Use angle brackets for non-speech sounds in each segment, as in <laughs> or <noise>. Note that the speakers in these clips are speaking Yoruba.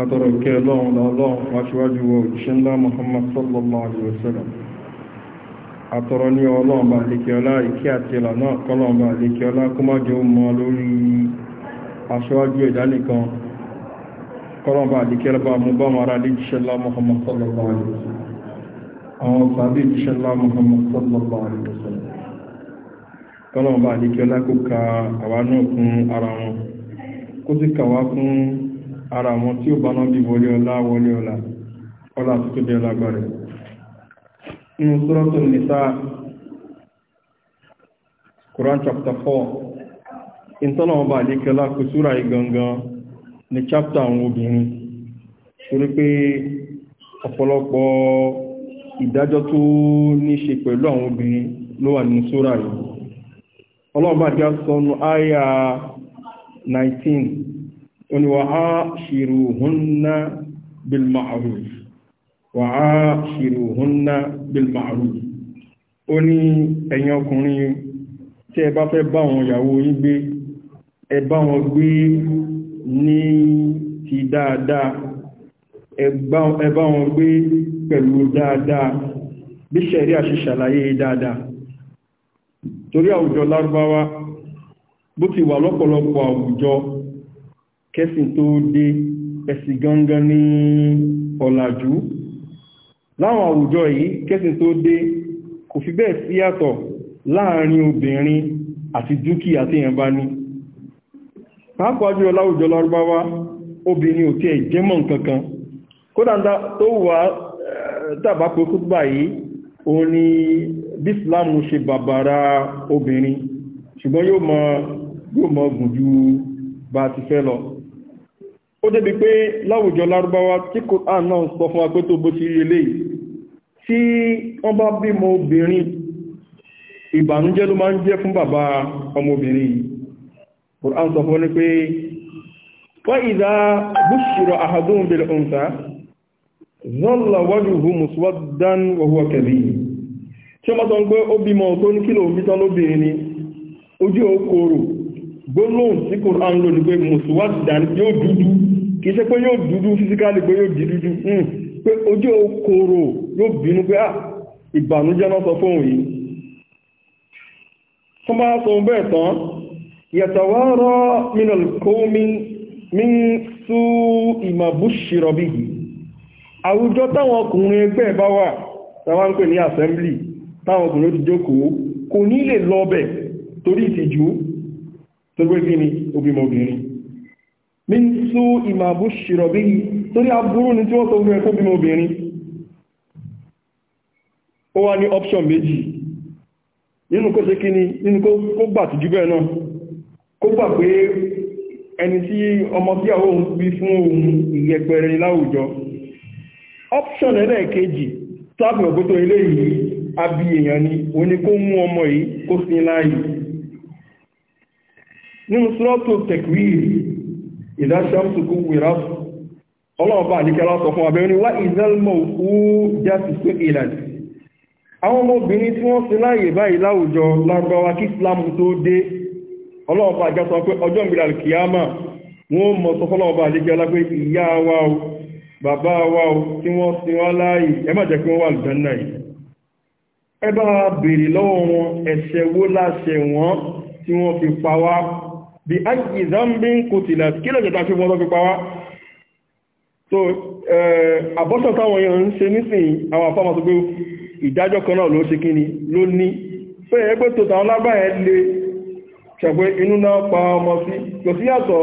àtọ̀rọ̀ ìkẹ́ lọ́wọ́n lọ́wọ́n aṣíwájú wọ òjíṣẹ́ ńlá Muhammad sallallahu alaihi wasallam àtọ̀rọ̀ ní ọlọ́ọ̀bà àlékiọlá ìkí àti ìlànà kọlọ̀ọ̀bà àlékiọlá kó má jẹ́ mọ́ lórí aṣíwájú ẹ̀dá nìkan kọlọ̀ọ̀bà àlékiọlá bá mú bá mara léjíṣẹ́ ńlá Muhammad sallallahu alaihi wasallam àwọn sàbí ìjíṣẹ́ ńlá Muhammad kún ara wọn kó sì kà fún ara àwọn tí ó bá bí wọlé ọlá wọlé ọlá ọlá tó tóbi ọlágbára nínú sọ́rọ́tò nìta Quran chapter 4 ọba àdékẹ́lá kò súra igangan ní chapter àwọn obìnrin torí pé ọ̀pọ̀lọpọ̀ ìdájọ́ tó ní ṣe pẹ̀lú àwọn obìnrin ló wà nínú súra yìí ọlọ́ọ̀bá 19 ni wà بالمعروف ṣìrù húnná bilma'ruf wà á ṣìrù húnná bilma'ruf ó ní ẹ̀yin ọkùnrin tí ẹ bá fẹ́ bá wọn ìyàwó yín gbé ẹ bá wọn gbé ní ti dáadáa ẹ bá wọn gbé pẹ̀lú dáadáa bí ṣẹ̀rí ti wà lọ́pọ̀lọpọ̀ àwùjọ kẹsìn tó dé ẹ̀sìn gangan ní ọ̀làjú láwọn àwùjọ yìí kẹsìn tó dé kò fi bẹ́ẹ̀ sí yàtọ̀ láàrin obìnrin àti dúkìá tí yẹn bá ní pàápàá jùlọ láwùjọ lárúbáwá obìnrin ò tí ẹ̀ jẹ́mọ̀ eh, obìnrin ṣùgbọ́n yóò mọ gùn ju bá ti fẹ́ lọ ó débi pé láwùjọ lárúbáwá tí Qur'an náà sọ fún wa pé tó bó ti rí eléyìí tí wọ́n bá bímọ obìnrin ìbànújẹ́ ló máa ń jẹ́ fún bàbá ọmọbìnrin yìí Qur'an sọ fún ní pé wa idha bushira ahaduhum bil untha zalla wajhuhu muswaddan wa huwa kadhib wọ́n bá sọ pé ó bímọ tó kìí ṣe pé yóò dúdú físíkálì pé yóò di dúdú hmm. pé ojú okòrò yóò bínú pé à ah, ìbànújẹ́ náà sọ fóun yìí tó bá sọ bẹ́ẹ̀ tán yàtàwárọ́ mínàlùkómi min sú ìmàbúṣìrọ̀bí àwùjọ táwọn ọkùnrin ẹgbẹ́ bá wà táwọn pè ní assembly táwọn ọkùnrin ti jókòó kò ní lè lọ bẹ̀ torí ìtìjú tó gbé gíní obìmọ̀ obìnrin min sú ìmàbú ṣìrọ̀bí torí aburú ni tí wọ́n sọ fún ẹkùn bímọ obìnrin ó wá ní option méjì nínú kó ṣe kíni nínú kó gbà tó jùbẹ́ náà kó gbà pé ẹni tí ọmọ tí àwọn òun bí fún ohun ìyẹpẹrẹ láwùjọ option ẹlẹ́ẹ̀kejì tábí ọgbótó ilé yìí àbí èèyàn ni ó ní kó mú ọmọ yìí kó sin láàyè nínú sọ́tò tẹ̀kwìrì ìdáṣẹ́mùsù kú wìrá ọlọ́ọ̀bá àdíkẹ́lá sọ fún abẹ́rin wá ìzẹ́lmọ̀ òkú jásì pé ìlànì àwọn ọmọbìnrin tí wọ́n sí láàyè báyìí láwùjọ lágbàwá kí islamu tó dé ọlọ́ọ̀bá àjá sọ pé ọjọ́ ìgbìlà kìyàmà wọ́n mọ̀ sọ fọ́lọ́ọ̀bá àdíkẹ́lá pé ìyá wa o bàbá lọ́wọ́ wọn ẹ̀ṣẹ̀ wo wọn tí wọ́n fi pa wá bí ájì zambi ń kò tìlà kí lè jẹta fi mọ́tọ́ fi wá so àbọ́sọ̀ táwọn èèyàn ń ṣe nísìnyí àwọn àfáà máa sọ pé ìdájọ́ kan náà ló ṣe kí ni ló ní pé ẹgbẹ́ tó tàwọn lágbàáyẹ lè ṣàgbé inú náà pa ọmọ sí kò sí yàtọ̀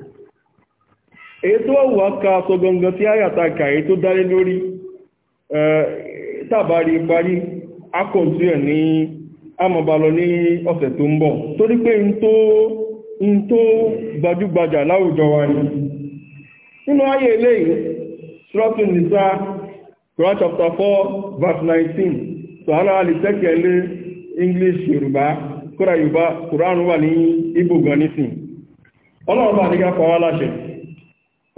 èyí tó ka ká sọ gangan tí àyàtà kàí tó dálé lórí tàbárí parí akọ̀ntú ẹ̀ ní amọ̀balọ ní ọ̀sẹ̀ tó ń bọ̀ torí pé n tó gbajúgbajà láwùjọ wa ni nínú ayé eléyìí Suratul Nisa Quran chapter 4 verse 19 sọ̀hánà alìsẹ́kẹ̀ẹ́lé English Yorùbá Yorùbá wà ní ọlọ́run bá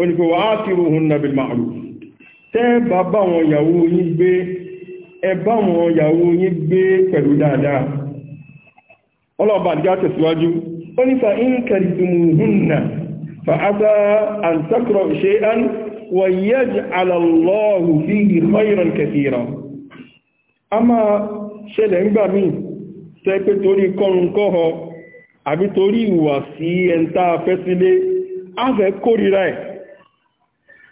oníkò wà á ti ruhun nàbí màálù tẹ́ bá bá wọn yàwó yín gbé ẹ bá wọn yàwó yín gbé pẹ̀lú dáadáa ọlọ́ọ̀bá àdíjá tẹ̀síwájú ó nífà ń kẹrì tumuhunna fa asa an takro shay'an wa yaj'al Allahu fihi khayran kathira a máa ṣẹlẹ̀ ń gbà tẹ́ pé torí kọrùn àbí torí ìwà sí ẹntà fẹ́ a fẹ́ kórìíra ẹ̀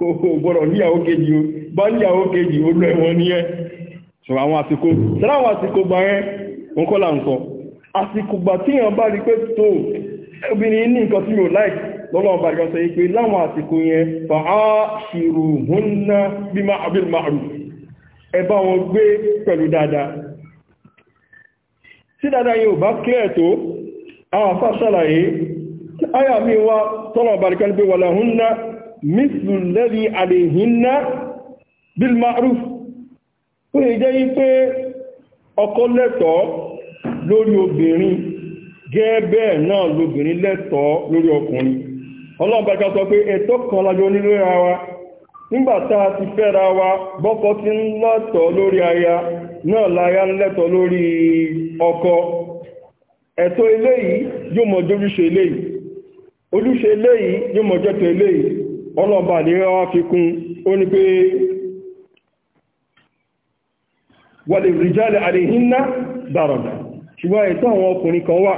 gbọ́dọ̀ níyàwó kejì o bá níyàwó kejì ó lọ ẹ̀wọ̀n ní ẹ́ sọ àwọn àsìkò sára àwọn àsìkò gbà ẹ́ ń kọ́ là àsìkò gbà tí yàn bá rí pé tó obìnrin ní nǹkan tí mi ò láì lọ́lọ́ ọba yìí pé láwọn àsìkò yẹn fa bí ẹ bá wọn gbé pẹ̀lú dáadáa tí dáadáa yìí ò bá tó àwọn afá ṣàlàyé mi wá tọ́lọ̀ ọba pé mísìlù lẹ́rí àlèhìnná bilmaruf tó lè jẹ́ wípé ọkọ lẹ́tọ̀ọ́ lórí obìnrin gẹ́ẹ̀bẹ́ náà lóbìnrin lẹ́tọ̀ọ́ lórí ọkùnrin ọlọ́ọ̀bẹ́ká sọ pé ẹ̀tọ́ kan lájọ onílera wa nígbàtá ti fẹ́ra wa bọ́kọ ti ń lórí aya náà láyá ń lórí ọkọ ẹ̀tọ́ eléyìí yóò mọ̀ jẹ́ yóò yìí ọlọ́ọ̀bà àdíwá fi kún ó ní pé wàlè rijal àdíhínná dàrọ̀dà ṣùgbọ́n ẹ̀tọ́ àwọn ọkùnrin kan wà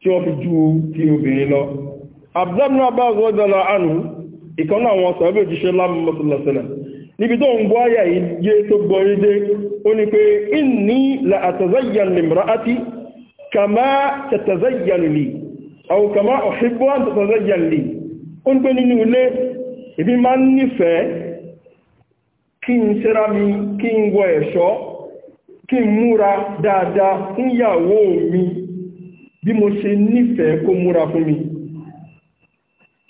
tí wọ́n fi ju ti obìnrin lọ abdullahi bá rọ́dọ̀lá àánú ìkanná àwọn sọ̀rọ̀ òjíṣẹ́ lámọ́sọ̀lọ́sọ̀lọ́ níbi tó ń gbọ́ ayà yé tó gbọ́ yédé kama tàtàzáyàn lì àwọn kama uhibbu an ó ń gbé nínú ilé èmi máa ń nífẹ̀ẹ́ kí n ṣẹ́ra mi kí n wọ ẹ̀ṣọ́ kí n múra dáadáa fún ìyàwó mi bí mo ṣe nífẹ̀ẹ́ kó múra fún mi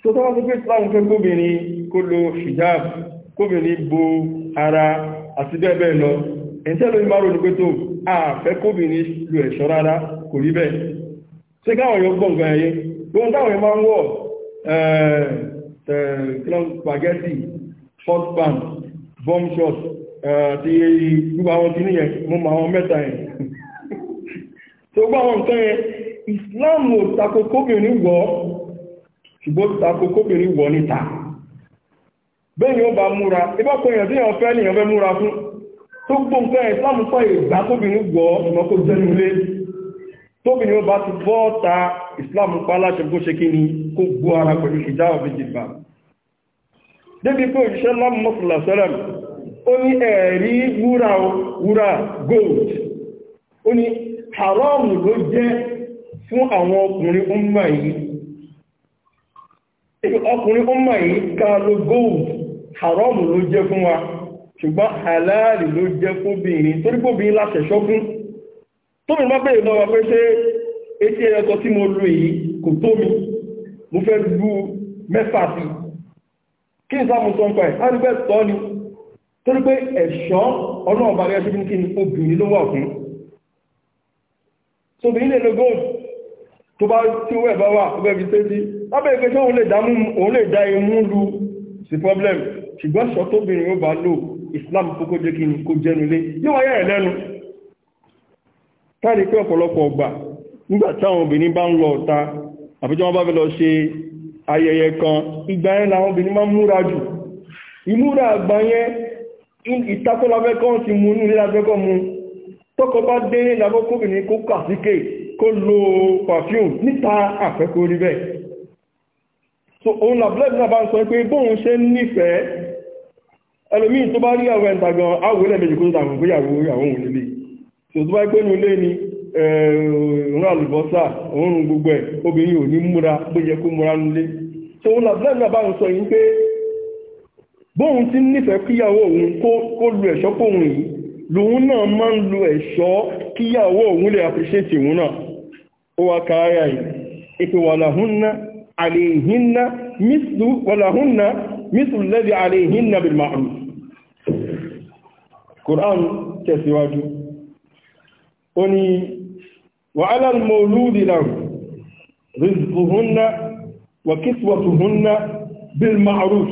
tó tọ́wọ́ tó pé Islam fẹ́ kóbìnrin kó lo hijab kóbìnrin bo ara àti bẹ́ẹ̀ bẹ́ẹ̀ lọ ìtẹ́lò ìmárò ní pé tó ààfẹ́ kóbìnrin lo ẹ̀ṣọ́ rárá kò rí bẹ́ẹ̀ ṣé káwọn yóò gbọ̀ngàn ẹ̀yẹ gbọ́n táwọn yóò máa ń wọ̀ Eh, eh, club spaghetti hot band bomb shot àti eh, gbogbo àwọn kìíní yẹn mo mọ àwọn mẹ́ta yẹn tó gbọ́ àwọn nǹkan yẹn Islam ò tako kóbìnrin wọ̀ ṣùgbọ́n tako kóbìnrin wọ̀ níta bẹ́ẹ̀ni ó bá múra ibọ́kọ̀ èèyàn tí èèyàn fẹ́ ní fẹ́ múra fún tó nǹkan Islam ìgbà jẹ́nu tóbìnrin islam pa láti bó ṣe kí ni kó gbó ara pẹ̀lú hijab jìbà débi pé òṣìṣẹ́ lámọ́sùlá sẹ́lẹ̀m ó ní ẹ̀rí wúrà wúrà gold ó ní haram ló jẹ́ fún àwọn ọkùnrin ọmọ yìí ọkùnrin ọmọ yìí ká lo gold haram ló jẹ́ fún wa ṣùgbọ́n halal ló jẹ́ fún bìnrin torípòbìnrin láṣẹ̀ṣọ́gún tó mi má bèèrè lọ́wọ́ pé ṣe etí ẹranko tí mo lù yìí kò tó mi mo fẹ́ lù mẹ́fà sí kí n sáàmù sọ ń pa ẹ̀ láti pẹ́ tọ́ ni torí pé ẹ̀ṣọ́ ọdún ọba rẹ̀ ṣe kí ni obìnrin ló wà fún so obìnrin lè lo gold tó bá tí ó wẹ̀ bá wà ó bẹ́ẹ̀ fi sé sí lábẹ́ ìpé tí òun lè dá imú lu sí problem ṣùgbọ́n ṣọ́ tóbìnrin ó bá lò Islam kókó jẹ́ kí ni kó jẹ́nu lé yíwáyẹ̀ rẹ̀ lẹ́nu táàrí pé nígbà táwọn obìnrin bá ń lọ ọ̀ta àbíjọ́ wọ́n bá fẹ́ lọ ṣe ayẹyẹ kan ìgbà yẹn làwọn obìnrin máa ń múra jù ìmúra àgbà ìtakọ́láfẹ́kọ́ ti mú inú ilé láfẹ́kọ́ mu tọ́kọ bá dé lábọ́kóbìnrin kó kàsíkè kó lo perfume níta àfẹ́kọ́ so òun làbúlẹ́bí náà bá ń sọ pé bóun ṣe nífẹ̀ẹ́ ẹlòmíì tó bá rí àwọn ẹ̀ntàgàn awòrẹ́lẹ̀ méjì kó tó tàbí pé so tó bá ẹ̀rùn àlùbọ́sà òórùn gbogbo ẹ̀ obìnrin ò ní múra bó yẹ kó múra nílé tó ń làbúlẹ̀ bá ń sọ yìí pé bóun ti nífẹ̀ẹ́ kíyàwó òun kó lu ẹ̀ṣọ́ fóun yìí lòun náà máa ń lu ẹ̀ṣọ́ kíyàwó òun lè àpìṣẹ́tì òun náà ó wá yìí wàlàhúnná àlèhínná mísù wàlàhúnná mísù lẹ́dí àlèhínná وعلى المولود له رزقهن وكسوتهن بالمعروف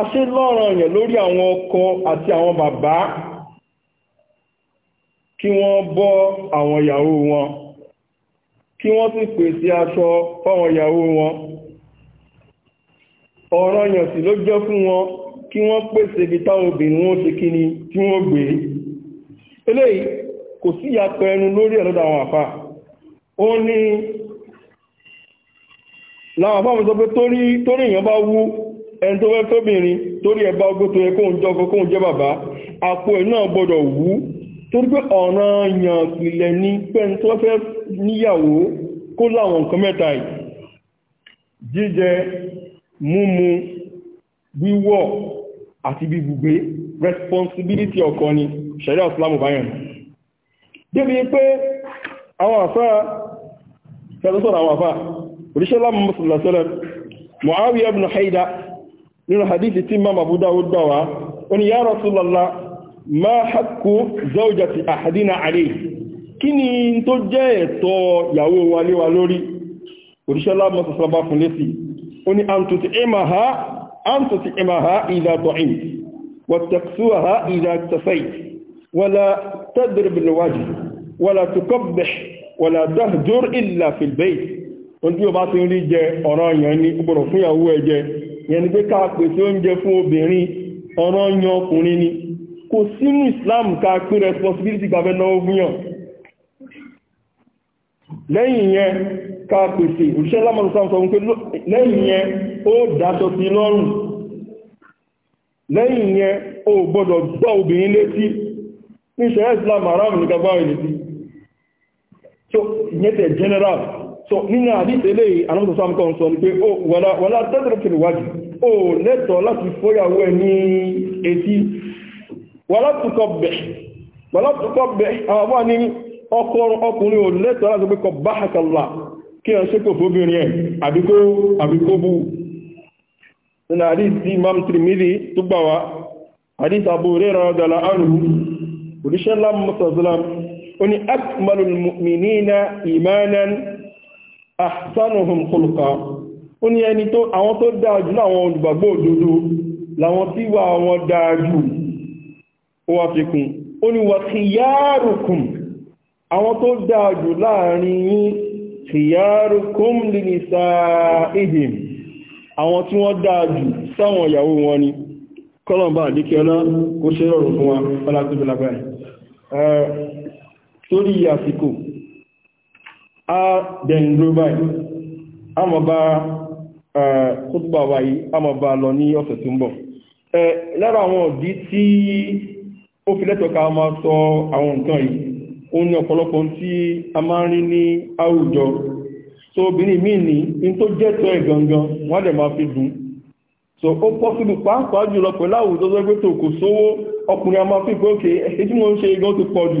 àṣẹ lọ́rọ̀ yẹn lórí àwọn ọkọ àti àwọn bàbá kí wọ́n bọ́ àwọn ìyàwó wọn kí wọ́n sì pèsè aṣọ fáwọn ìyàwó wọn ọ̀rọ̀ yẹn sì ló jẹ́ fún wọn kí wọ́n pèsè ibi táwọn obìnrin wọn ṣe kí ni tí wọ́n gbé eléyìí kò sí ìyàtọ̀ ẹnu lórí ẹ̀lọ́dọ̀ àwọn àfà ó ní láwọn àfà mọ̀ sọ pé torí èèyàn bá wú ẹni tó fẹ́ tóbìnrin torí ẹ̀bá ogó tó yẹ kóhun jọ ọkọ kóhun jẹ́ bàbá àpò ẹ̀ náà gbọ́dọ̀ wú torí pé ọ̀ràn yàn responsibility ọkọ ni sharia islamu báyẹn débi pé àwọn àfá ṣẹlẹ́sọ̀rọ̀ àwọn àfá oríṣẹ́lá mọ́sílẹ̀sẹ́lẹ̀ Muawiya ibn Haida nínú hadithi tí Imam Abu Dawud dáwà ó ní ya Rasulullah ma haqqu zawjati ahadina alayhi kí ni tó jẹ́ ẹ̀tọ́ ìyàwó wa lé wa lórí oríṣẹ́lá mọ́sílẹ̀sẹ́lẹ̀ fún lésì ó ní an tut'imaha an tut'imaha idha wala tuqabbih wala tahjur illa fil bayt ojú ọba ti rí jẹ ọ̀rọ̀ yẹn ní gbọ́dọ̀ fún ìyàwó ẹ jẹ yẹn ni pé ká pèsè oúnjẹ fún obìnrin ọ̀rọ̀ yan ọkùnrin ni kò sínú Islam ká pín responsibility gbàfẹ́ náà fún yàn lẹ́yìn yẹn ká pèsè òṣìṣẹ́ lámọ̀lù sáàmùsọ̀ wípé lẹ́yìn yẹn ó dáṣọ sí lọ́rùn gbọ́dọ̀ gbọ́ obìnrin létí ní ṣẹ̀rẹ́ Islam haram ní gbàgbà ìlẹ́sí so ìyẹn general so nínú àdíṣe eléyìí alámọ́sọ̀sọ́ àmúkọ́ sọ ní pé ó wọ́lá tẹ́tẹ̀rẹ̀ fèrè wájú ó lẹ́tọ̀ọ́ láti fóyàwó ẹ̀ ní etí wọ́lá tukọ̀ bẹ̀ àwọn ọmọ ní ọkùnrin kọ ó ní akmalul mu'minina imanan ahsanuhum khulqa ó ní ẹni tó àwọn tó dáa jù láwọn olùgbàgbọ́ òdodo làwọn tí wà wọn dáa jù ó wá fi kún khiyarukum àwọn tó dáa jù láàrin khiyarukum li àwọn tí wọ́n dáa jù sáwọn ìyàwó wọn ni kọ́lọ̀mbà àdíkẹ́ ọlá kó ṣe rọrùn fún wa ọlá tó bí lágbàáyé torí àsìkò a dẹ̀ndó báyìí a mọ̀ bá kútùbà wa yìí a mọ̀ bá lọ ní ọ̀sẹ̀ tó ń bọ̀ lára àwọn ọ̀dí tí ó fi lẹ́tọ̀ọ́ ká máa sọ àwọn nǹkan yìí òun ni ọ̀pọ̀lọpọ̀ tí a máa ń rí ní àwùjọ so obìnrin míì ní in tó jẹ́tọ́ ẹ̀ gangan wọ́n dẹ̀ máa fi dùn so ó pọ́sibù pàápàá jùlọ pẹ̀lú àwùjọ tó gbé tó kò sówó ọkùnrin a máa fi gbókè èyí tí mo ń ṣe igan tó pọ̀ jù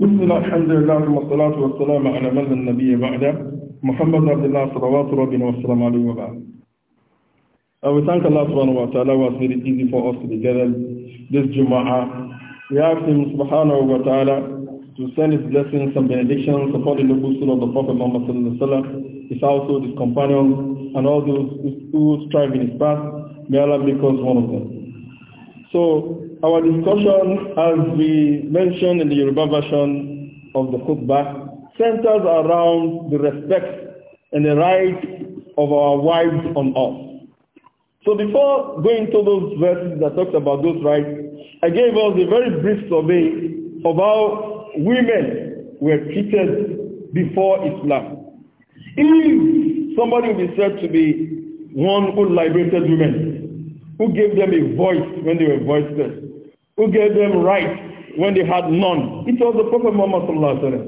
بسم الحمد لله ثم الصلاة والسلام على من النبي بعده محمد عبد الله صلوات ربنا عليه وبعد we thank Allah subhanahu wa ta'ala who has made it easy for us to be gathered this Jumu'ah. We ask Him subhanahu wa ta'ala to send His blessings and benedictions upon the noble of the Prophet Muhammad sallallahu alayhi wa sallam, his household, his companions, and all those who strive in his path. May Allah make us one of them. So Our discussion, as we mentioned in the Yoruba version of the khutbah, centers around the respect and the right of our wives on us. So before going to those verses that talks about those rights, I gave us a very brief survey of how women were treated before Islam. If somebody will be said to be one who liberated women, who gave them a voice when they were voiceless, who gave them right when they had none. It was the Prophet Muhammad sallallahu alaihi wasallam.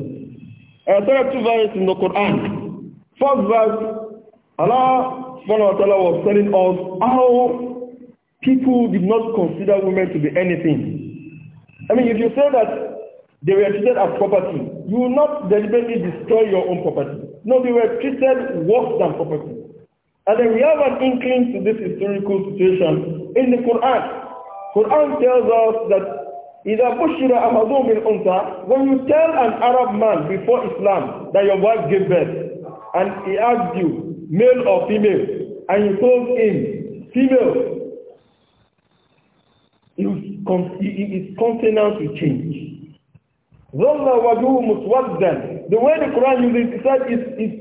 And I saw two verses in the Quran. First verse, Allah subhanahu wa ta'ala was telling us how people did not consider women to be anything. I mean, if you say that they were treated as property, you will not deliberately destroy your own property. No, they were treated worse than property. And then we have an inkling to this historical situation in the Quran. Quran tells us that إِذَا بُشِّرَ أَحَدُهُمْ unta. When you tell an Arab man before Islam that your wife gave birth, and he asked you, male or female, and you told him, female, his countenance will change. ظل وجهه مسودا The way the Quran uses it, said his, his,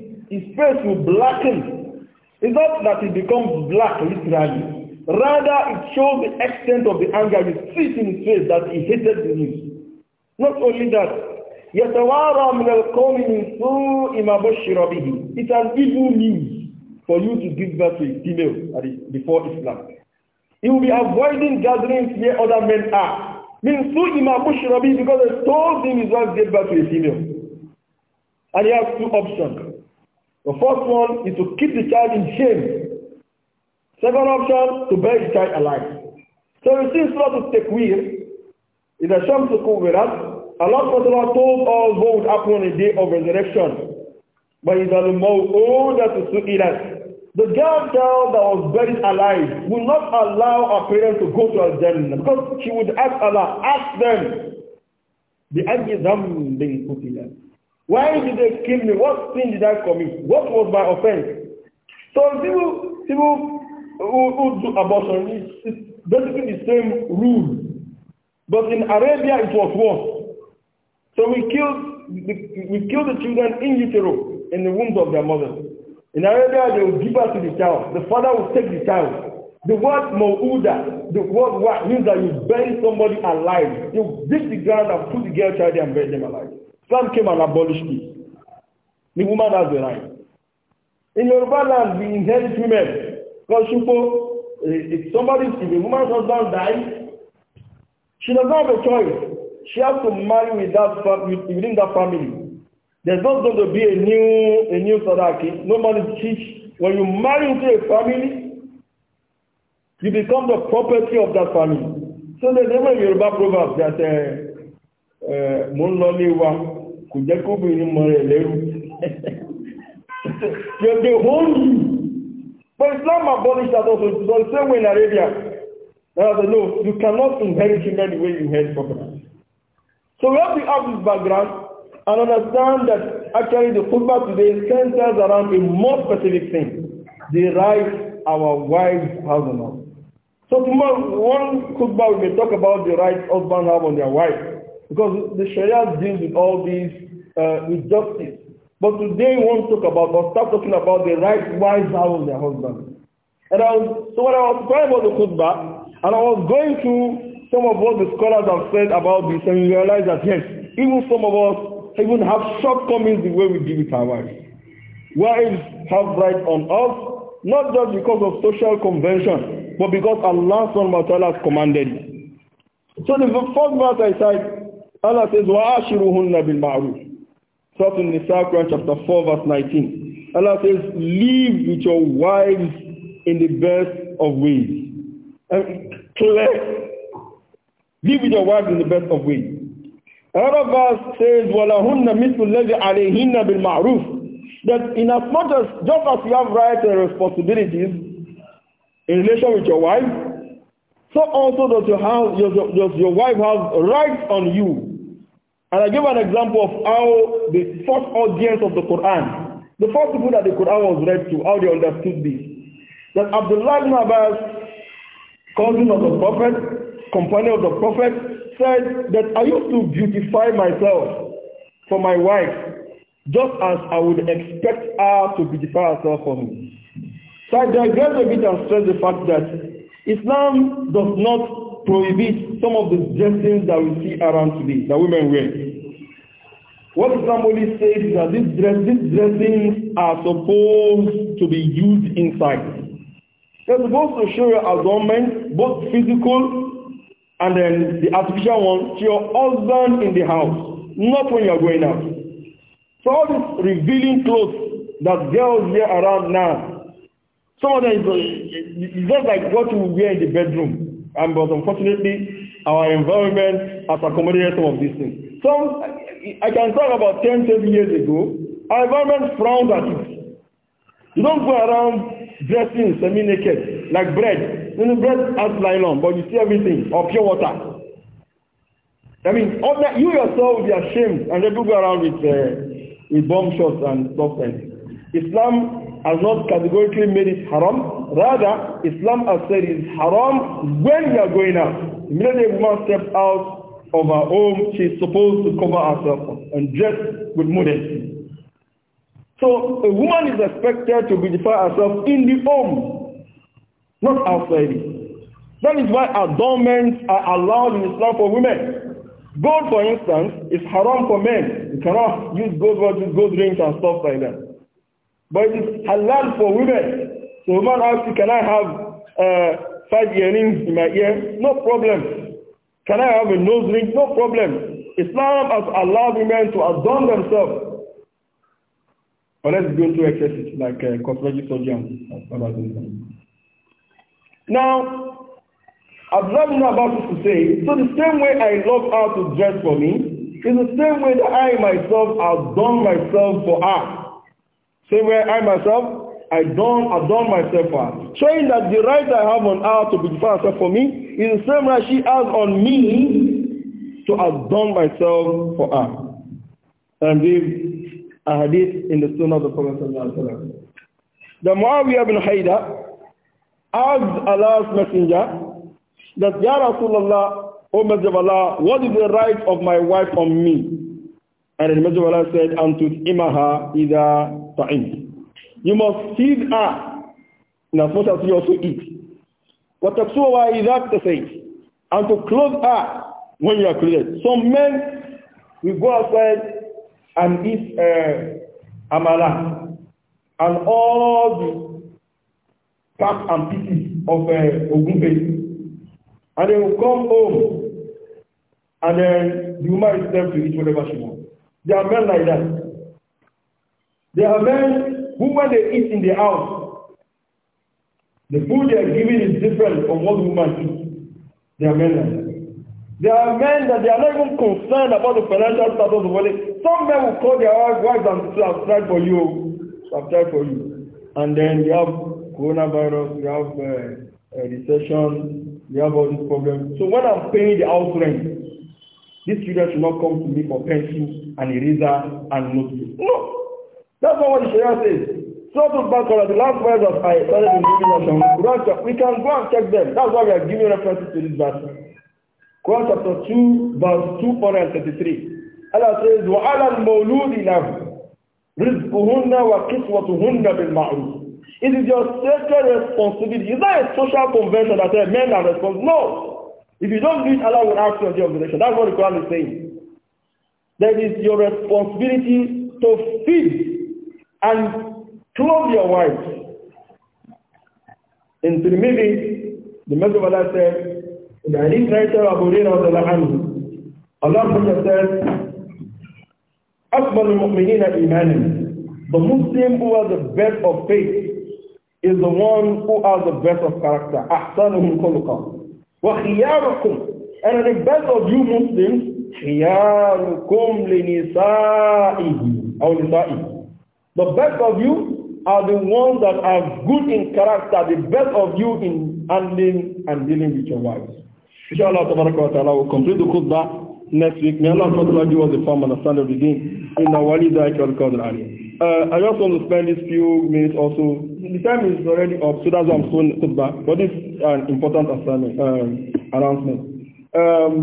his face will blacken. It's not that he becomes black literally, Rather, it shows the extent of the anger you see in his face that he hated the news. Not only that, يَتَوَارَى مِنَ الْقَوْمِ مِنْ سُوءِ مَا بُشِّرَ بِهِ It's an evil news for you to give birth to a female before Islam. He will be avoiding gatherings where other men are. مِنْ سُوءِ مَا بِهِ because they told him his wife gave birth to a female. And he has two options. The first one is to keep the child in shame Second option, to bear his child alive. So we see Surah Takwir in the Shams Kuwirat. Allah SWT told all what would happen on the day of resurrection. But the is al that is su'ilat. The girl child that was buried alive will not allow her parents to go to her den because she would ask Allah, ask them, بأي ذنب قتل Why did they kill me? What sin did I commit? What was my offense? So people, people who do abortion is basically the same rule. But in Arabia, it was worse. So we killed, the, we killed the children in utero, in the wombs of their mother. In Arabia, they would give birth to the child. The father would take the child. The word mawuda, the word what means that you bury somebody alive. You dig the ground and put the girl child there and bury them alive. Islam came and abolished it. The woman has the right. In Yoruba land, we inherit women. Because eh, if somebody, if a woman's husband dies, she does not have a choice. She has to marry with that, within that family. There's not going to be a new, a new Sadaki. Nobody teach. When you marry into a family, you become the property of that family. So there's even a Yoruba proverb that eh, eh, mo ń lọ lé wa kò jẹ́ kóbìnrin mọ̀ rẹ̀ lẹ́rù. <laughs> You're the whole But Islam abolished that also. So the same way in Arabia, there was a no, you cannot inherit children the way you inherit property. So we have to have this background and understand that actually the football today centers around a more specific thing, the right our wives have on us. So tomorrow, one football we may talk about the right husbands have on their wives because the Sharia deals with all these uh, justice. But today we want to talk about or start talking about the right wives having their husbands. And I was, so when I was talking about the khutbah, and I was going through some of what the scholars have said about this, and we realized that yes, even some of us even have shortcomings the way we deal with our wives. Wives have right on us, not just because of social convention, but because Allah subhanahu wa ta'ala has commanded it. So the first verse I said, Allah says, وَعَاشِرُهُنَّ بِالْمَعْرُوفِ in Nisa, Quran chapter 4, verse 19. Allah says, live with your wives in the best of ways. And um, clear. Live with your wives in the best of ways. Another verse says, وَلَهُنَّ مِثْلُ الَّذِي عَلَيْهِنَّ بِالْمَعْرُوفِ That in as much as, just as you have rights and responsibilities in relation with your wife, so also does your, house, does your, does your wife have rights on you And I give an example of how the first audience of the Quran, the first people that the Quran was read to, how they understood this. That Abdullah ibn Abbas, cousin of the Prophet, companion of the Prophet, said that I used to beautify myself for my wife, just as I would expect her to beautify herself for me. So I digress a bit and stress the fact that Islam does not prohibit some of the dressings that we see around today that women wear. What somebody says is that these dress, dressings are supposed to be used inside. They're supposed to show your adornment, both physical and then the artificial one, to your husband in the house, not when you're going out. So all these revealing clothes that girls wear around now, some of them is just like what you wear in the bedroom. And but unfortunately, our environment has accommodated some of these things. So I can talk about 10, 20 years ago, our environment frowned at it. You don't go around dressing semi-naked like bread. You know, bread has nylon, but you see everything, or pure water. I mean, that, you yourself will be ashamed, and they people go around with, uh, with bomb shots and stuff like Islam has not categorically made it haram. Rather, Islam has said it's haram when we are going out. Immediately a woman steps out of her home, she's supposed to cover herself and dress with modesty. So a woman is expected to beautify herself in the home, not outside it. That is why adornments are allowed in Islam for women. Gold, for instance, is haram for men. You cannot use gold watches, gold rings, and stuff like that. But it's halal for women. So woman asks, can I have uh, five earrings in my ear? No problem. Can I have a nose ring? No problem. Islam has allowed women to adorn themselves. Unless it's going to excesses like uh, cosmetic surgery and other things. about this to say, so the same way I love her to dress for me, is the same way that I myself adorn myself for her. Same way I myself, I don't adorn myself for her. Showing that the right I have on her to beautify herself for me is the same right she has on me to adorn myself for her. And give a hadith in the Sunnah of the Prophet The Muawiyah bin Haida asked Allah's messenger that Ya Rasulullah, O Messenger of Allah, what is the right of my wife on me? And the Messenger of Allah said, Antut imaha ida ta'im. You must feed her in as much as you also eat. What Wataksuwa ida tasayt. And to clothe her when you are clothed. Some men will go outside and eat uh, amala and all the parts and pieces of uh, Ogunfe. And they will come home and then the woman is left to eat whatever she wants. There are men like that. There are men who, when they eat in the house, the food they are giving is different from what women eat. There are men like that. There are men that they are not even concerned about the financial status of money. Some men will call their wives and say, I've tried for you, I've tried for you. And then you have coronavirus, you have uh, uh, recession, you have all these problems. So when I'm paying the house rent, These children should not come to me for pencil and eraser and notebook. No. That's not what the Sharia says. So those back on the last verse that I started in reading Quran, we can go and check them. That's why we are giving references to this verse. Quran chapter 2, verse 233. Allah says, وَعَلَى الْمَوْلُودِ wa رِزْقُهُنَّ وَكِسْوَتُهُنَّ بِالْمَعْرُوفِ It is your sacred responsibility. It's not a social convention that uh, men are responsible. No. If you don't do it, Allah will ask you on the obligation. That's what the Quran is saying. That is your responsibility to feed and clothe your wife. In Tirmidhi, the Messenger of Allah said, in the hadith writer Abu Hurairah Allah said, أكبر المؤمنين إيمانا The Muslim who has the best of faith is the one who has the best of character. أحسنهم خلقا وخياركم and the best of you Muslims خياركم لنسائه أو نسائه the best of you are the ones that are good in character the best of you in handling and dealing with your wives inshallah tabaraka wa ta'ala will complete the khutbah next week may Allah give us the form and understanding of the deen inna walidha ikal qadr alim Uh, I just want to spend these few minutes also. The time is already up, so that's why I'm so put back. But this is an important assignment, um, announcement. Um,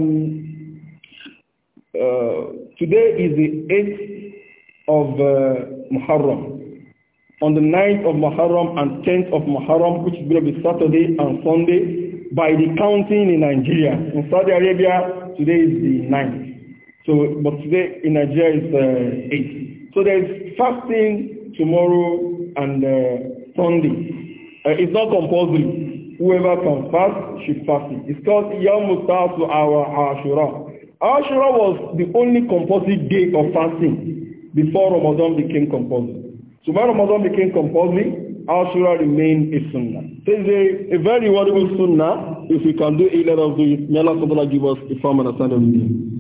uh, today is the 8th of uh, Muharram. On the 9th of Muharram and 10th of Muharram, which is going to be Saturday and Sunday, by the counting in Nigeria. In Saudi Arabia, today is the 9th. So, but today in Nigeria is the uh, 8th. So there's fasting tomorrow and uh, Sunday. Uh, it's not compulsory. Whoever can fast should fast it. It's called Yom to our Ashura. Ashura was the only compulsory day of fasting before Ramadan became compulsory. So when Ramadan became compulsory, Ashura remained a sunnah. So it's a, a very valuable sunnah. If we can do it, let us do it. May Allah give us a firm understanding of it.